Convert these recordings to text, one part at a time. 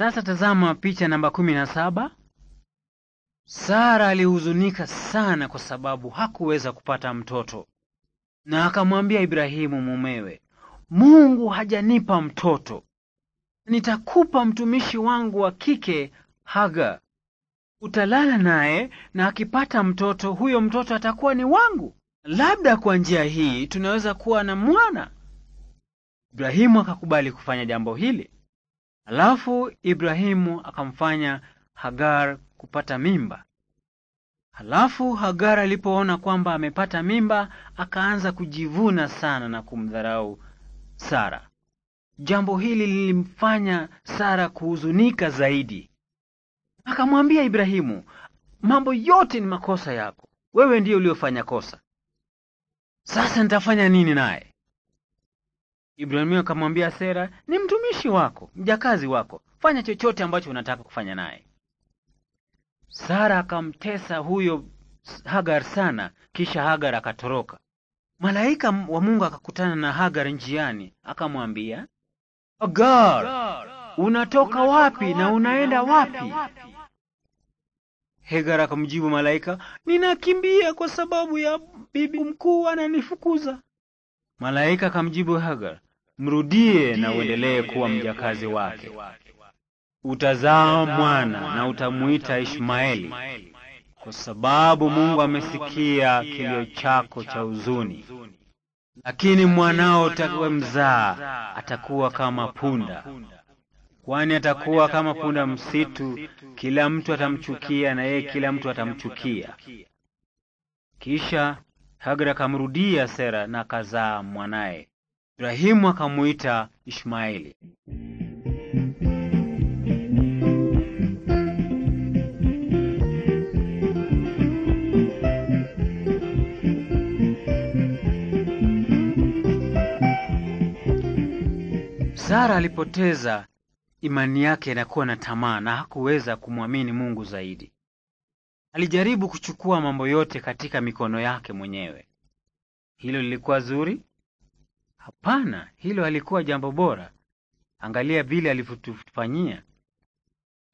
Sasa tazama picha namba kumi na saba. Sara alihuzunika sana kwa sababu hakuweza kupata mtoto, na akamwambia Ibrahimu mumewe, Mungu hajanipa mtoto, nitakupa mtumishi wangu wa kike Haga, utalala naye na akipata mtoto, huyo mtoto atakuwa ni wangu. Labda kwa njia hii tunaweza kuwa na mwana. Ibrahimu akakubali kufanya jambo hili alafu Ibrahimu akamfanya Hagar kupata mimba. Halafu Hagar alipoona kwamba amepata mimba, akaanza kujivuna sana na kumdharau Sara. Jambo hili lilimfanya Sara kuhuzunika zaidi. Akamwambia Ibrahimu, mambo yote ni makosa yako, wewe ndiye uliyofanya kosa. Sasa nitafanya nini naye? Ibrahimu akamwambia Sera, ni mtumishi wako, mjakazi wako, fanya chochote ambacho unataka kufanya naye. Sara akamtesa huyo Hagar sana, kisha Hagar akatoroka. Malaika wa Mungu akakutana na Hagar njiani, akamwambia Hagar, unatoka wapi na unaenda wapi? Hagar akamjibu malaika, ninakimbia kwa sababu ya bibi mkuu ananifukuza. Malaika akamjibu Hagar, mrudie na uendelee kuwa mjakazi wake. Utazaa mwana na utamuita Ishmaeli, kwa sababu Mungu amesikia kilio chako cha huzuni. Lakini mwanao utakayemzaa atakuwa kama punda, kwani atakuwa kama punda msitu. Kila mtu atamchukia na yeye kila mtu atamchukia. Kisha Hagra akamrudia Sera na akazaa mwanaye. Ibrahimu akamuita Ishmaeli Sara alipoteza imani yake na kuwa na tamaa na hakuweza kumwamini Mungu zaidi. Alijaribu kuchukua mambo yote katika mikono yake mwenyewe. Hilo lilikuwa zuri, Hapana, hilo halikuwa jambo bora. Angalia vile alivyotufanyia.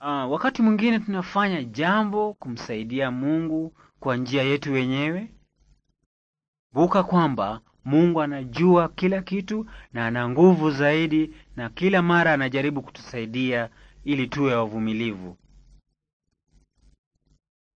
Uh, wakati mwingine tunafanya jambo kumsaidia Mungu kwa njia yetu wenyewe. Kumbuka kwamba Mungu anajua kila kitu na ana nguvu zaidi, na kila mara anajaribu kutusaidia ili tuwe wavumilivu.